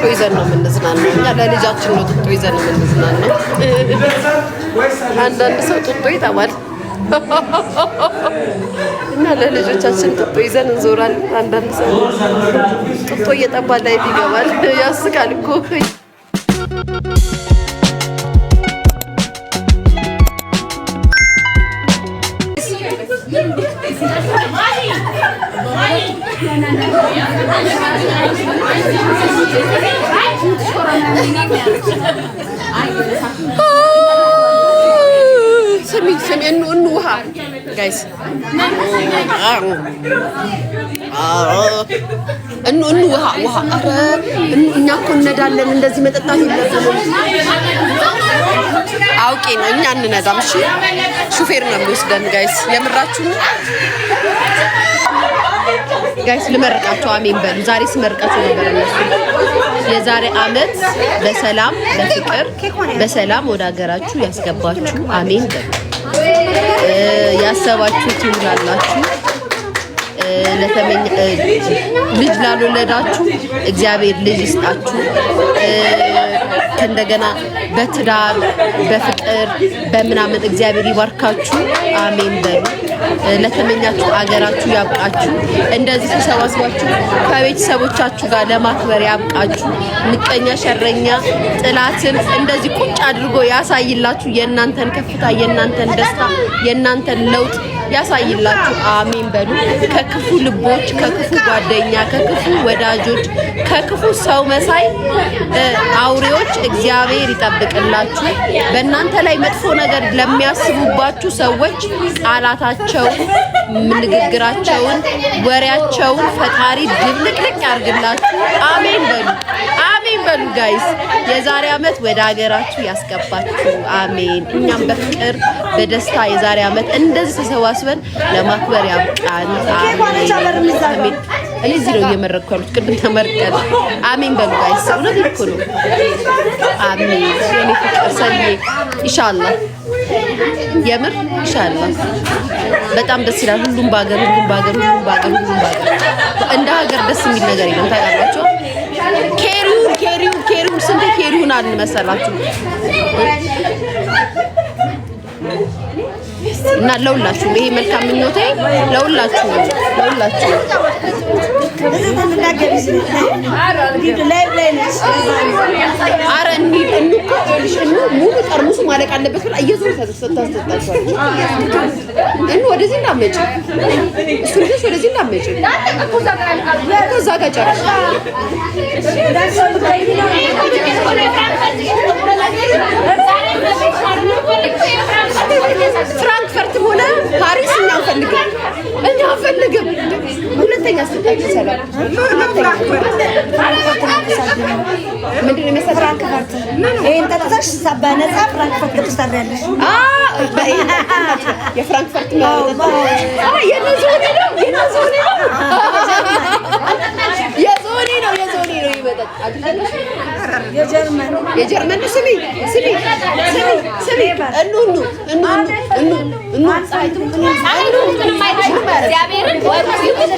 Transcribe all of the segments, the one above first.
ጥጦ ይዘን ነው የምንዝናነው። እኛ ለልጃችን ነው ጥጦ ይዘን ነው የምንዝናነው። አንዳንድ ሰው ጥጦ ይጠባል። እና ለልጆቻችን ጥጦ ይዘን እንዞራል። አንዳንድ ሰው ጥጦ እየጠባ ላይ ይገባል። ያስቃል እኮ ስሜን ኑ ውሃ ጋይስ እኑ እኑ ውሃ ውሃ እኛ እኮ እነዳለን። እንደዚህ መጠጣት የለብንም። አውቄ ነው እኛ እንነዳም። እሺ ሹፌር ነው የሚወስደን። ጋይስ የምራችሁ ጋይስ ልመርቃቸው። አሜን በሉ። ዛሬ ስመርቃቸው ነበር እነሱ የዛሬ አመት በሰላም በፍቅር በሰላም ወደ ሀገራችሁ ያስገባችሁ። አሜን በሉ። ያሰባችሁት ይውላላችሁ። ልጅ ላልወለዳችሁ እግዚአብሔር ልጅ ይስጣችሁ። ከእንደገና በትዳር በፍቅር በምናምን እግዚአብሔር ይባርካችሁ። አሜን በሉ። ለተመኛችሁ አገራችሁ ያብቃችሁ። እንደዚህ ተሰባስባችሁ ከቤተሰቦቻችሁ ጋር ለማክበር ያብቃችሁ። ምቀኛ፣ ሸረኛ፣ ጥላትን እንደዚህ ቁጭ አድርጎ ያሳይላችሁ። የእናንተን ከፍታ፣ የእናንተን ደስታ፣ የእናንተን ለውጥ ያሳይላችሁ። አሜን በሉ። ከክፉ ልቦች፣ ከክፉ ጓደኛ፣ ከክፉ ወዳጆች፣ ከክፉ ሰው መሳይ አውሬዎች እግዚአብሔር ይጠብቅላችሁ። በእናንተ ላይ መጥፎ ነገር ለሚያስቡባችሁ ሰዎች ቃላታቸውን፣ ንግግራቸውን፣ ወሬያቸውን ፈጣሪ ድብልቅልቅ ያርግላችሁ። አሜን በሉ። አሜን በሉ ጋይስ። የዛሬ አመት ወደ ሀገራችሁ ያስገባችሁ አሜን። እኛም በፍቅር በደስታ የዛሬ አመት እንደዚህ ተሰባስበን ለማክበር ያብቃን። አሜን። እኔ እዚህ ነው እየመረቅኩ ያሉት፣ ቅድም ተመርቀን። አሜን በሉ ጋይስ። እውነት እኮ ነው። አሜን የኔ ፍቅር ሰዬ ኢንሻአላህ የምር ኢንሻአላህ በጣም ደስ ይላል። ሁሉም በሀገር ሁሉም በሀገር ሁሉም በሀገር ሁሉም በሀገር እንደ ሀገር ደስ የሚል ነገር የለም። ታውቃላችሁ ኬሪው ፔር ይሁን አልመሰላችሁ እና ለሁላችሁ ይሄ መልካም ምኞቴ ለሁላችሁ ለሁላችሁ ኧረ ሙሉ ጠርሙሱ ማለቅ አለበት ብላ እየዞር ወደዚህ እንዳመጭ እሱ ልጆች ወደዚህ እንዳመጭ ከዛ ጋር ጨረሽ ፍራንክፈርትም ሆነ ፓሪስ እኛ አንፈልግም፣ እኛ አንፈልግም። ሁለተኛ ስልጣን ይሰራል። ምንድን ነው የሚሰራው? ፍራንክፈርት ይሄን ጠጥተሽ በነፃ ፍራንክፈርት ትሰሪያለሽ። የፍራንክፈርት የዞኔ ነው የዞኔ ነው ይመጣል። የጀርመን የጀርመን ስሚ ስሚ ስሚ እኑ እኑ እኑ እኑ እኑ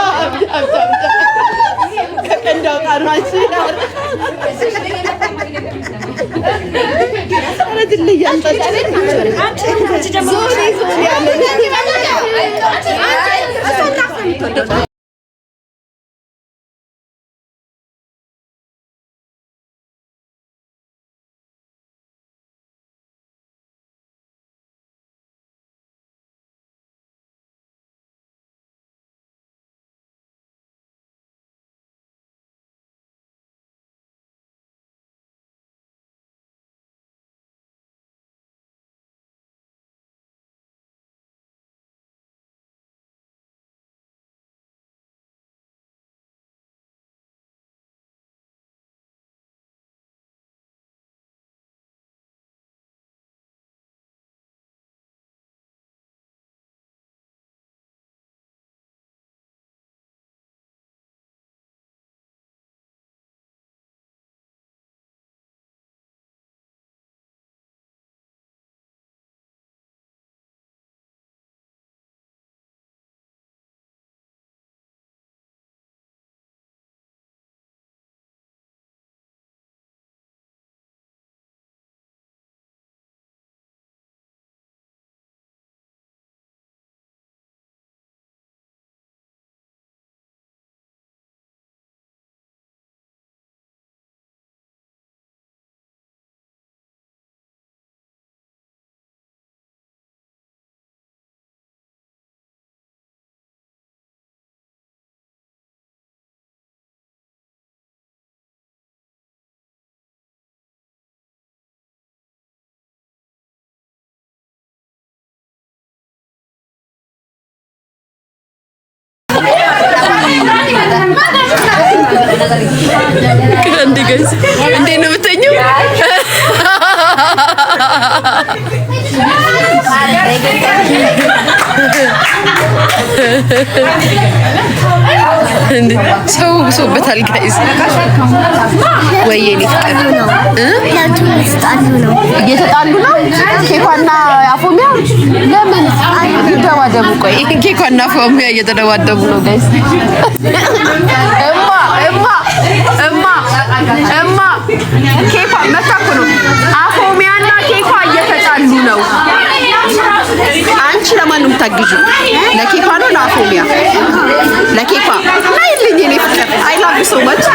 ያውጣ ነው። አንቺ ኧረ ድል አንድ ገይዝ እንዴት ነው የምተኘው? ሰው ብሶበታል ጋይዝ። ወይዬ እኔ ፍቅር እየተጣሉ ነው። ኬኳና አፎሚያ ለምን ይደባደቡ? ቆይ ኬኳና አፎሚያ እየተደባደቡ ነው ጋይዝ እማ እማ ኬኳ መታ እኮ ነው። አፎሚያና ኬኳ እየተጣሉ ነው። አንቺ ለማን ነው የምታግዢው? ለኬኳ ነው ለአፎሚያ? ለኬኳ አይልኝ እኔ ፍቅር አይ ላቭ ሶ ማች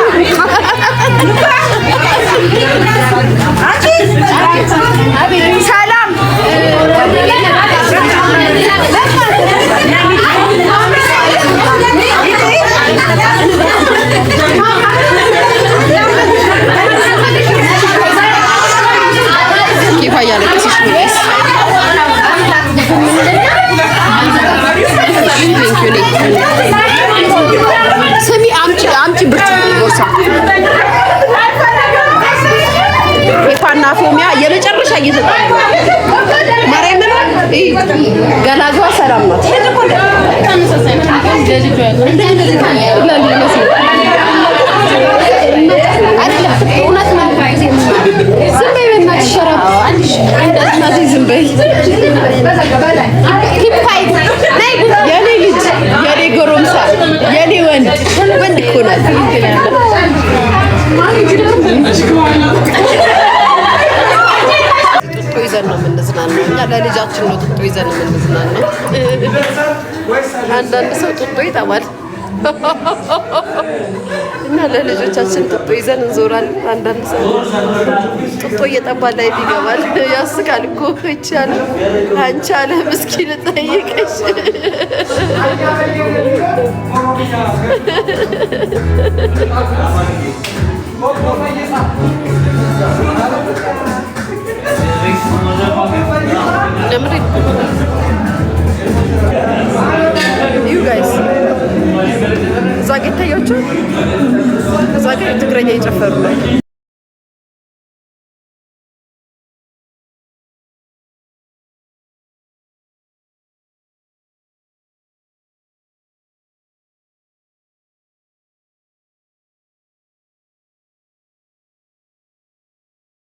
ገላጇ ሰላም ናት። ዝም በይ ልጃችን ነው ጡጦ ይዘን የምንዝናናው። አንዳንድ ሰው ጡጦ ይጠባል እና ለልጆቻችን ጡጦ ይዘን እንዞራለን። አንዳንድ ሰው ጡጦ እየጠባ ላይ ይገባል። ያስቃል እኮ ይቻል አንቺ አለ ምስኪን ጠይቀሽ እየጨፈሩ ነው።